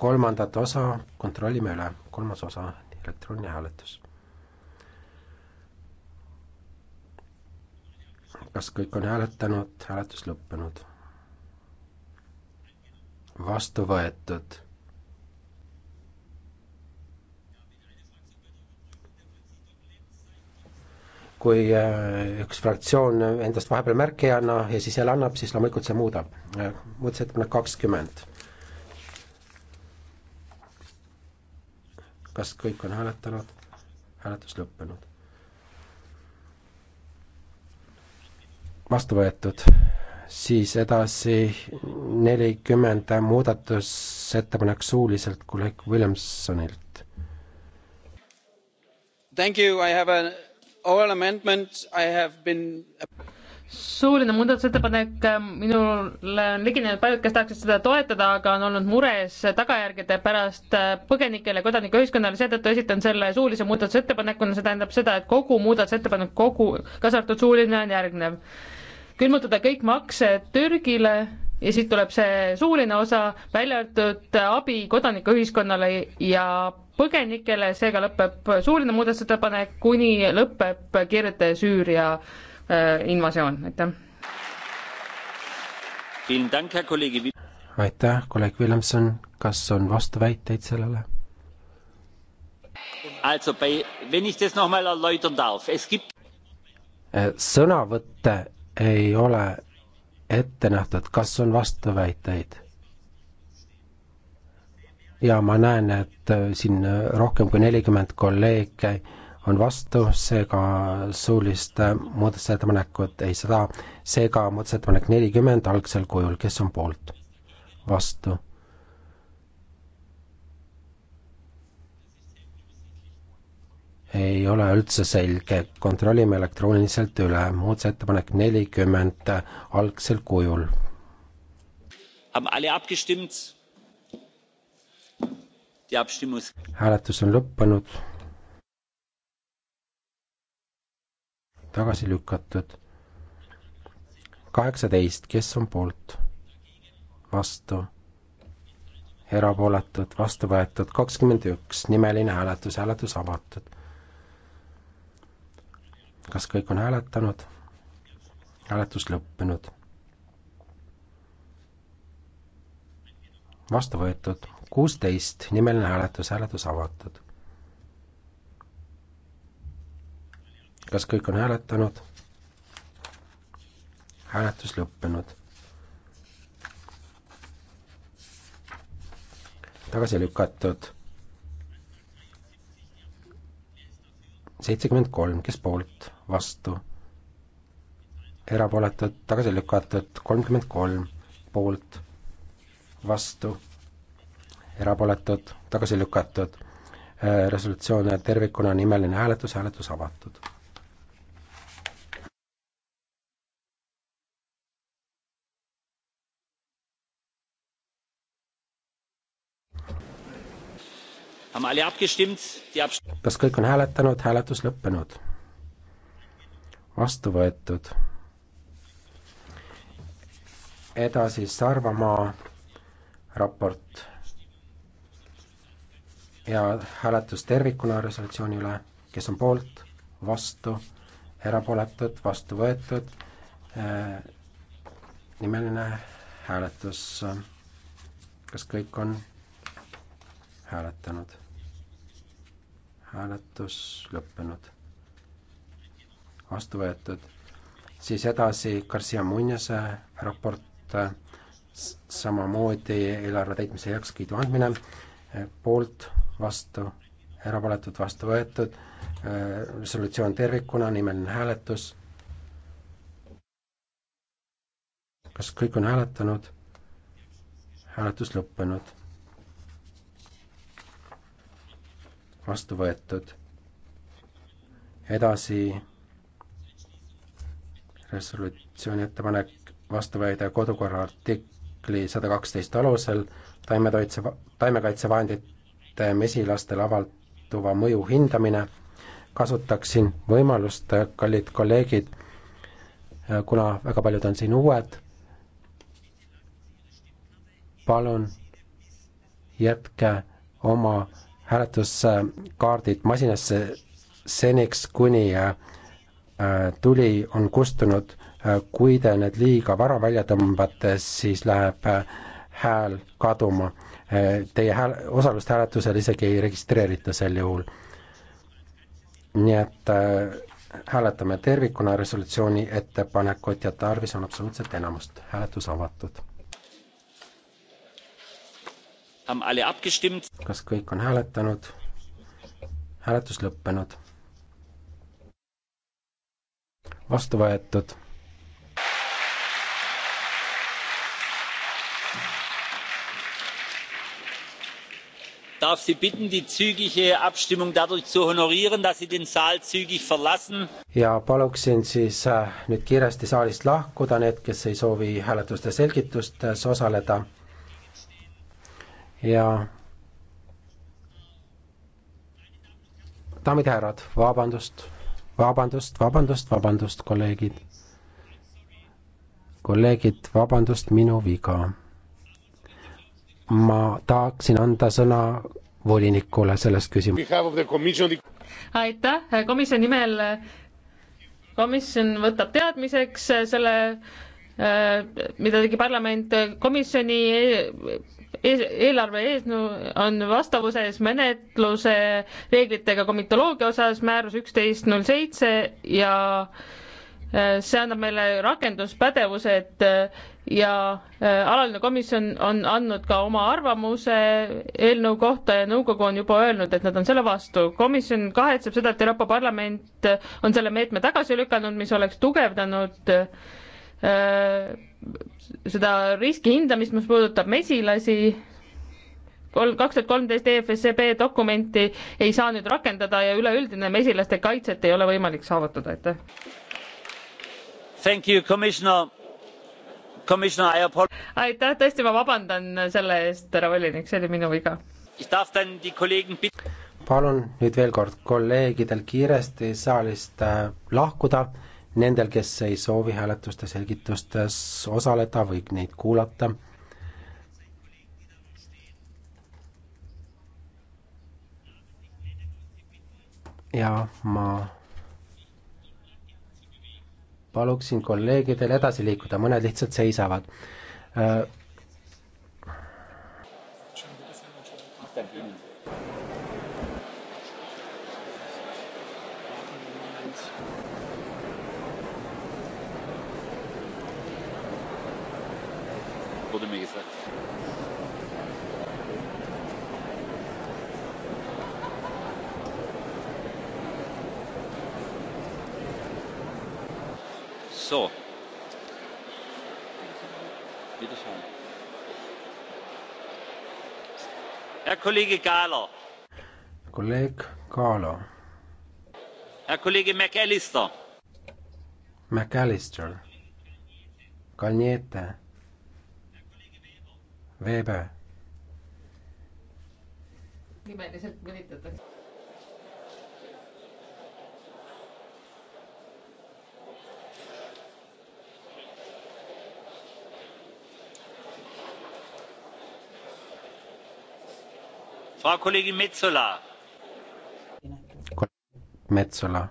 kolmandat osa kontrollime üle, kolmas osa, elektrooniline hääletus kas kõik on hääletanud, hääletus lõppenud? vastu võetud. kui äh, üks fraktsioon endast vahepeal märke ei anna ja siis jälle annab, siis loomulikult see muudab. Äh, muudatusettepanek kakskümmend. kas kõik on hääletanud? hääletus lõppenud vastu võetud. siis edasi nelikümmend muudatusettepanek suuliselt kolleeg Williamsonilt. Thank you, I have an oral amendment, I have been suuline muudatusettepanek, ähm, minule on liginenud paljud, kes tahaksid seda toetada, aga on olnud mures tagajärgede pärast äh, põgenikele, kodanikuühiskonnale, seetõttu esitan selle suulise muudatusettepanekuna, see tähendab seda, et kogu muudatusettepanek, kogu, kaasa arvatud suuline, on järgnev külmutada kõik maksed Türgile ja siit tuleb see suuline osa, välja arvatud abi kodanikuühiskonnale ja põgenikele, seega lõpeb suuline muudatusettepanek, kuni lõpeb kirde Süüria äh, invasioon, aitäh. aitäh, kolleeg Williamson, kas on vastuväiteid sellele? Also bei, wenn ich das nochmal erläutern darf, es gibt äh, sõnavõtte ei ole ette nähtud, kas on vastuväiteid? ja ma näen, et äh, siin rohkem kui nelikümmend kolleegi on vastu, seega suulist äh, muudatusettepanekut ei saa, seega muudatusettepanek nelikümmend algsel kujul, kes on poolt? vastu ei ole üldse selge, kontrollime elektrooniliselt üle, muudatusettepanek nelikümmend algsel kujul. hääletus on lõppenud. tagasi lükatud. kaheksateist, kes on poolt? vastu erapooletud, vastu võetud kakskümmend üks, nimeline hääletus, hääletus avatud kas kõik on hääletanud? hääletus lõppenud. vastu võetud kuusteist, nimeline hääletus, hääletus avatud. kas kõik on hääletanud? hääletus lõppenud. tagasi lükatud. seitsekümmend kolm, kes poolt? vastu, erapooletud, tagasi lükatud, kolmkümmend kolm poolt, vastu, erapooletud, tagasi lükatud, äh, resolutsioon tervikuna nimeline hääletus, hääletus avatud. kas kõik on hääletanud, hääletus lõppenud? vastu võetud. edasi Sarvamaa raport ja hääletus tervikuna resolutsiooni üle, kes on poolt, vastu, erapooletud, vastu võetud, eh, nimeline hääletus. kas kõik on hääletanud? hääletus lõppenud vastu võetud. siis edasi Garcia Munese raport, samamoodi eelarve täitmise heakskiidu andmine, eh, poolt, vastu, erapooletud, vastu võetud, eh, resolutsioon tervikuna, nimeline hääletus. kas kõik on hääletanud? hääletus lõppenud. vastu võetud. edasi resolutsiooni ettepanek vastuväide kodukorra artikli sada kaksteist alusel taimetoitse, taimekaitsevahendite mesilastele avalduva mõju hindamine. kasutaksin võimalust, kallid kolleegid, kuna väga paljud on siin uued, palun jätke oma hääletuskaardid masinasse seniks, kuni Äh, tuli on kustunud, äh, kui te need liiga vara välja tõmbate, siis läheb äh, hääl kaduma. Teie hääl, osalust hääletusel isegi ei registreerita sel juhul. nii et hääletame tervikuna resolutsiooni ettepanekut ja tarvis on absoluutset enamust. hääletus avatud. kas kõik on hääletanud? hääletus lõppenud vastu võetud. darf sie bitten die zügige abstimmung dadurch zu honorieren dass sie den saal zügig verlassen ja paluksin siis äh, nüüd kiiresti saalist lahkuda need kes ei soovi hääletuste selgitustes osaleda ja daamid ja härrad vabandust vabandust, vabandust, vabandust, kolleegid. kolleegid, vabandust, minu viga. ma tahaksin anda sõna volinikule selles küsimuses. aitäh, komisjoni nimel komisjon võtab teadmiseks selle, äh, mida tegi parlament komisjoni eelarve ees on vastavuses menetluse reeglitega komitoloogia osas määrus üksteist null seitse ja äh, see annab meile rakenduspädevused äh, ja äh, alaline komisjon on andnud ka oma arvamuse eelnõu kohta ja nõukogu on juba öelnud, et nad on selle vastu. komisjon kahetseb seda, et Euroopa Parlament on selle meetme tagasi lükanud, mis oleks tugevdanud äh, seda riski hindamist, mis puudutab mesilasi, kolm, kaks tuhat kolmteist EFSB dokumenti ei saa nüüd rakendada ja üleüldine mesilaste kaitset ei ole võimalik saavutada, aitäh. Thank you, commissioner. Commissioner, I apol-. aitäh, tõesti, ma vabandan selle eest, härra volinik, see oli minu viga. palun nüüd veel kord kolleegidel kiiresti saalist äh, lahkuda Nendel, kes ei soovi hääletuste selgitustes osaleda, võib neid kuulata. ja ma paluksin kolleegidel edasi liikuda, mõned lihtsalt seisavad. Äh, Thank you. So. Bitte schön. Herr Kollege Gahler. Kolleeg Gahler. Herr Kollege McAllister. McAllister. Kalniete. Weber. nimeliselt mõnitatakse. Frau Kollegin Metsola. Metsola.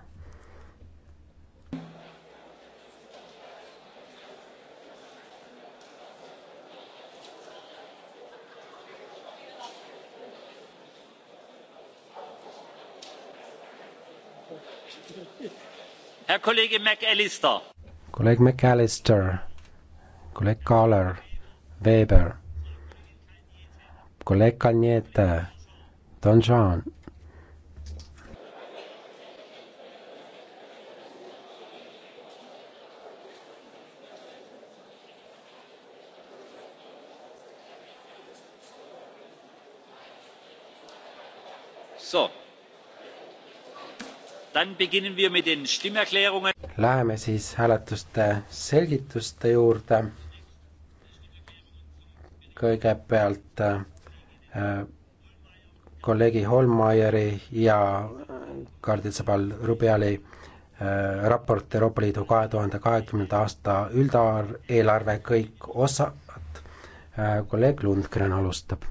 Herr Kollege McAllister. kolleeg McAllister, kolleeg Kaaler, Weber, kolleeg Kalniete Danjan. So. Läheme siis hääletuste selgituste juurde. kõigepealt äh, kolleegi Holmeieri ja kaarditsebal Rubiali äh, raport Euroopa Liidu kahe tuhande kahekümnenda aasta üldeelarve kõik osad. Äh, kolleeg Lundgren alustab.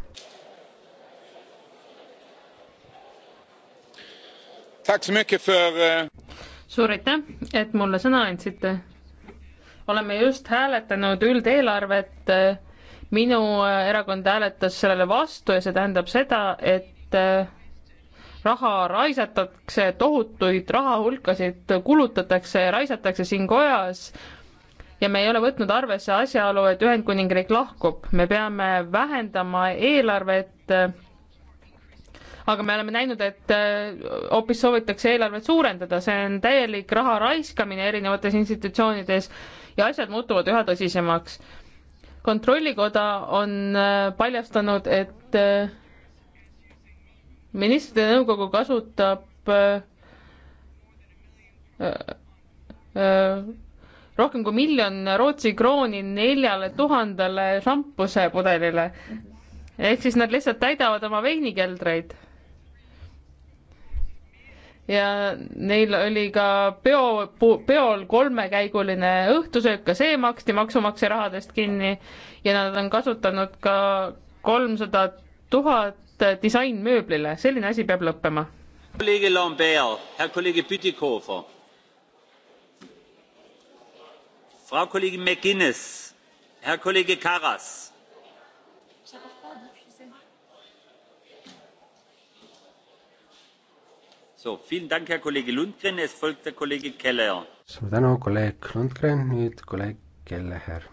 Eh, suur aitäh, et mulle sõna andsite. oleme just hääletanud üldeelarvet. minu erakond hääletas sellele vastu ja see tähendab seda, et et äh, raha raisatakse, tohutuid rahahulkasid kulutatakse ja raisatakse siin kojas ja me ei ole võtnud arvesse asjaolu, et Ühendkuningriik lahkub, me peame vähendama eelarvet, äh, aga me oleme näinud, et äh, hoopis soovitakse eelarvet suurendada, see on täielik raha raiskamine erinevates institutsioonides ja asjad muutuvad üha tõsisemaks. kontrollikoda on paljastanud, et ministrite nõukogu kasutab äh, äh, äh, rohkem kui miljon Rootsi krooni neljale tuhandele šampusepudelile. ehk siis nad lihtsalt täidavad oma veinikeldreid. ja neil oli ka peo, peol kolmekäiguline õhtusöök, ka see maksti maksumaksja rahadest kinni ja nad on kasutanud ka kolmsada tuhat ainult äh, disainmööblile, selline asi peab lõppema. kolleeg Lambert, härra kolleeg Pütikofer. Frau Kollegin McGuinness, Herr Kollege Karas. So, vielen Dank, Herr Kollege Lundgren. Es folgt der Kollege Keller. Suur tänu, kolleeg Lundgren, nüüd kolleeg Kelleher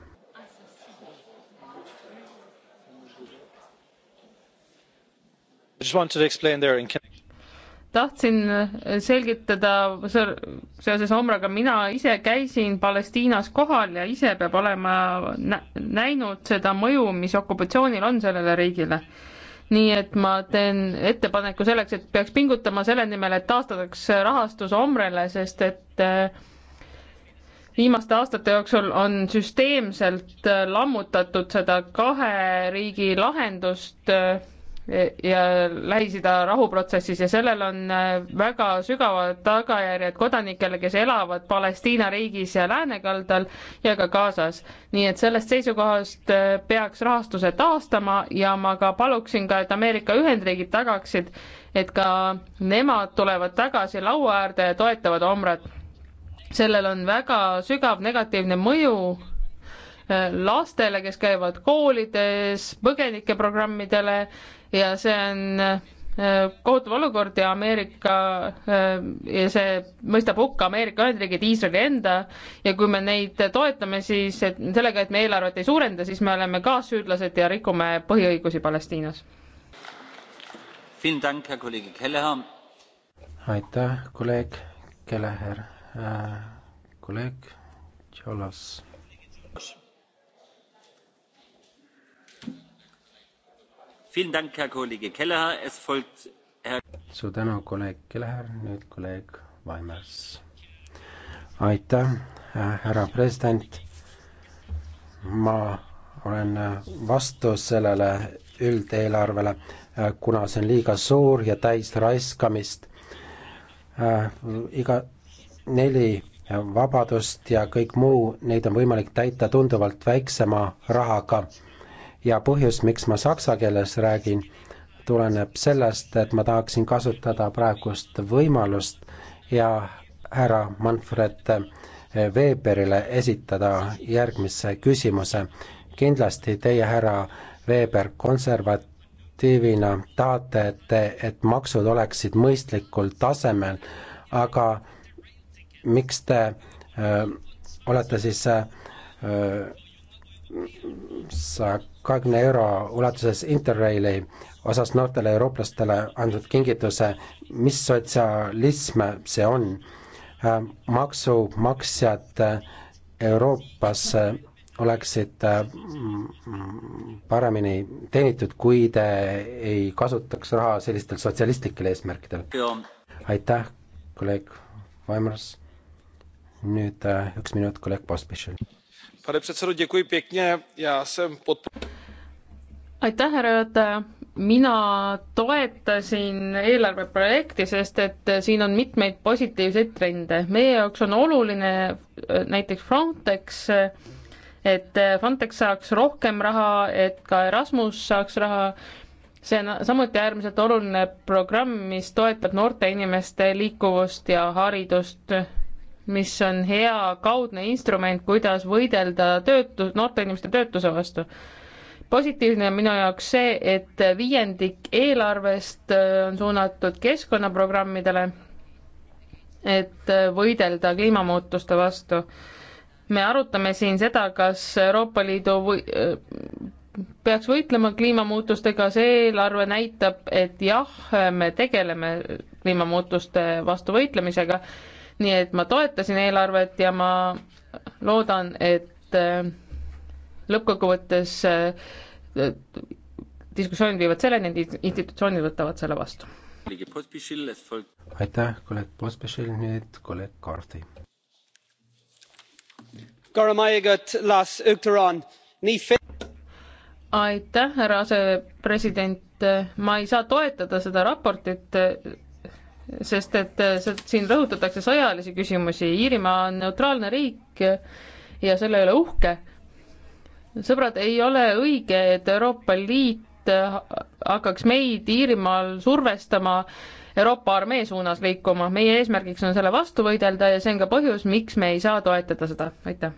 tahtsin äh, selgitada seoses Omraga, mina ise käisin Palestiinas kohal ja ise peab olema näinud seda mõju, mis okupatsioonil on sellele riigile. nii et ma teen ettepaneku selleks, et peaks pingutama selle nimel, et taastataks rahastus Omrele, sest et äh, viimaste aastate jooksul on süsteemselt äh, lammutatud seda kahe riigi lahendust ja Lähis-Ida rahuprotsessis ja sellel on äh, väga sügavad tagajärjed kodanikele, kes elavad Palestiina riigis ja läänekaldal ja ka Gazas. nii et sellest seisukohast äh, peaks rahastuse taastama ja ma ka paluksin ka, et Ameerika Ühendriigid tagaksid, et ka nemad tulevad tagasi laua äärde ja toetavad Omrat. sellel on väga sügav negatiivne mõju lastele, kes käivad koolides, põgenikeprogrammidele ja see on äh, kohutav olukord ja Ameerika äh, ja see mõistab hukka Ameerika Ühendriigid, Iisraeli enda ja kui me neid toetame, siis et sellega, et me eelarvet ei suurenda, siis me oleme kaassüüdlased ja rikume põhiõigusi Palestiinas. aitäh, kolleeg Keleher äh,, kolleeg Tšolos. suur tänu, kolleeg Keleher, nüüd kolleeg Vaimers. aitäh, härra president. ma olen vastu sellele üldeelarvele, kuna see on liiga suur ja täis raiskamist. iga neli vabadust ja kõik muu, neid on võimalik täita tunduvalt väiksema rahaga ja põhjus, miks ma saksa keeles räägin, tuleneb sellest, et ma tahaksin kasutada praegust võimalust ja härra Manfred Weberile esitada järgmise küsimuse. kindlasti teie, härra Weber, konservatiivina tahate, et te, et maksud oleksid mõistlikul tasemel, aga miks te öö, äh, olete siis öö, äh, saja kahekümne euro ulatuses Interraili osas noortele eurooplastele antud kingituse, mis sotsialism see on? Äh, maksumaksjad äh, Euroopas äh, oleksid mm, paremini teenitud, kui te ei kasutaks raha sellistel sotsialistlikel eesmärkidel. aitäh, kolleeg Vaimars. nüüd üks minut kolleeg Pospišil pane předsedající aitäh härra juhataja! mina toetasin eelarveprojekti sest et siin on mitmeid positiivseid trende. meie jaoks on oluline äh, näiteks Frontex, et Frontex saaks rohkem raha, et ka Erasmus saaks raha. see on samuti äärmiselt oluline programm, mis toetab noorte inimeste liikuvust ja haridust mis on hea kaudne instrument, kuidas võidelda töötu-, noorte inimeste töötuse vastu. positiivne on minu jaoks see, et viiendik eelarvest äh, on suunatud keskkonnaprogrammidele, et äh, võidelda kliimamuutuste vastu. me arutame siin seda, kas Euroopa Liidu või, äh, peaks võitlema kliimamuutustega, see eelarve näitab, et jah, me tegeleme kliimamuutuste vastu võitlemisega nii et ma toetasin eelarvet ja ma loodan, et äh, lõppkokkuvõttes äh, diskussioonid viivad selleni, et institutsioonid võtavad selle vastu. aitäh, kolleeg Pospešil, nüüd kolleeg Kaarti. aitäh, härra asepresident, ma ei saa toetada seda raportit, sest et äh, siin rõhutatakse sõjalisi küsimusi, Iirimaa on neutraalne riik ja selle üle uhke. sõbrad, ei ole õige, et Euroopa Liit äh, hakkaks meid Iirimaal survestama Euroopa armee suunas liikuma, meie eesmärgiks on selle vastu võidelda ja see on ka põhjus, miks me ei saa toetada seda, aitäh.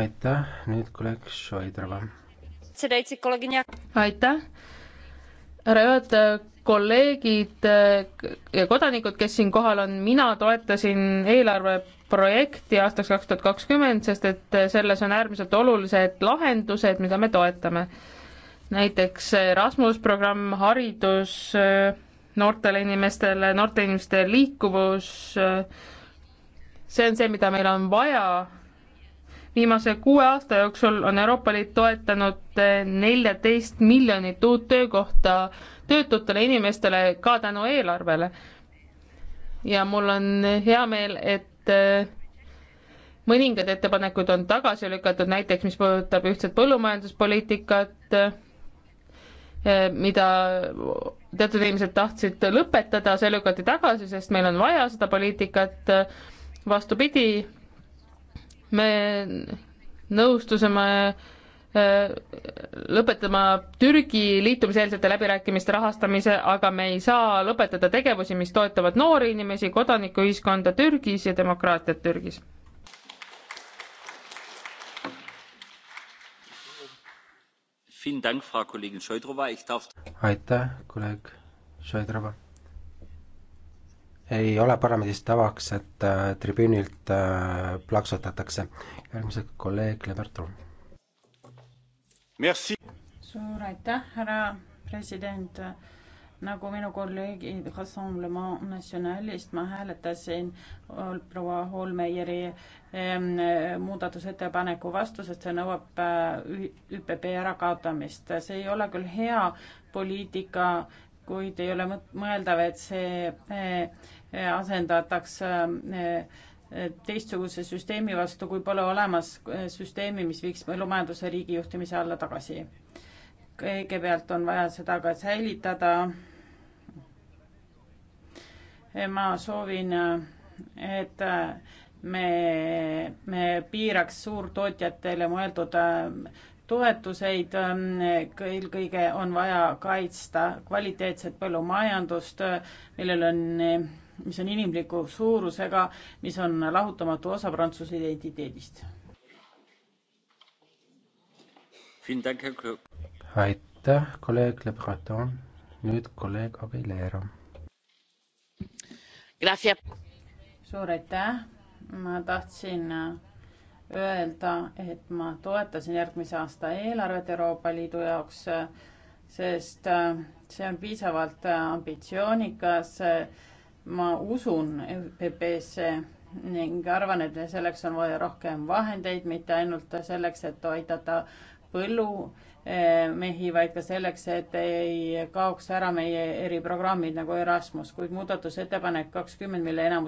aitäh, nüüd kolleeg Šoidrova. aitäh härra juhataja, kolleegid äh, ja kodanikud, kes siin kohal on, mina toetasin eelarveprojekti aastaks kaks tuhat kakskümmend, sest et selles on äärmiselt olulised lahendused, mida me toetame. näiteks Rasmus programm, haridus äh, noortele inimestele, noorte inimeste liikuvus, äh, see on see, mida meil on vaja viimase kuue aasta jooksul on Euroopa Liit toetanud eh, neljateist miljonit uut töökohta töötutele inimestele ka tänu eelarvele. ja mul on hea meel, et eh, mõningad ettepanekud on tagasi lükatud, näiteks mis puudutab ühtset põllumajanduspoliitikat, eh, mida teatud inimesed tahtsid lõpetada, see lükati tagasi, sest meil on vaja seda poliitikat. vastupidi, me nõustusime äh, lõpetama Türgi liitumiseelsete läbirääkimiste rahastamise, aga me ei saa lõpetada tegevusi, mis toetavad noori inimesi, kodanikuühiskonda Türgis ja demokraatiat Türgis. aitäh, kolleeg Šoidrova ei ole parlamendis tavaks, et äh, tribüünilt äh, plaksutatakse. järgmiseks kolleeg Lebert Rumm. suur aitäh, härra president. nagu minu kolleegid Rassemblement Nationalist, ma hääletasin proua Holmeieri ähm, muudatusettepaneku vastu, sest see nõuab äh, ÜPP ärakaotamist. see ei ole küll hea poliitika, kuid ei ole mõeldav, et see asendataks eh, teistsuguse süsteemi vastu, kui pole olemas eh, süsteemi, mis viiks põllumajanduse riigijuhtimise alla tagasi. kõigepealt on vaja seda ka säilitada. Eh, ma soovin, et me, me piiraks suurtootjatele mõeldud toetuseid, eelkõige on vaja kaitsta kvaliteetset põllumajandust, millel on mis on inimliku suurusega, mis on lahutamatu osa Prantsuse identiteedist. aitäh, kolleeg Le Breton. nüüd kolleeg Aguilera. suur aitäh, ma tahtsin äh, öelda, et ma toetasin järgmise aasta eelarvet Euroopa Liidu jaoks, äh, sest äh, see on piisavalt ambitsioonikas ma usun ÜPP-sse ning arvan, et selleks on vaja rohkem vahendeid, mitte ainult selleks, et aidata põllumehi, eh, vaid ka selleks, et ei kaoks ära meie eriprogrammid nagu Erasmus, kuid muudatusettepanek kakskümmend, mille enamus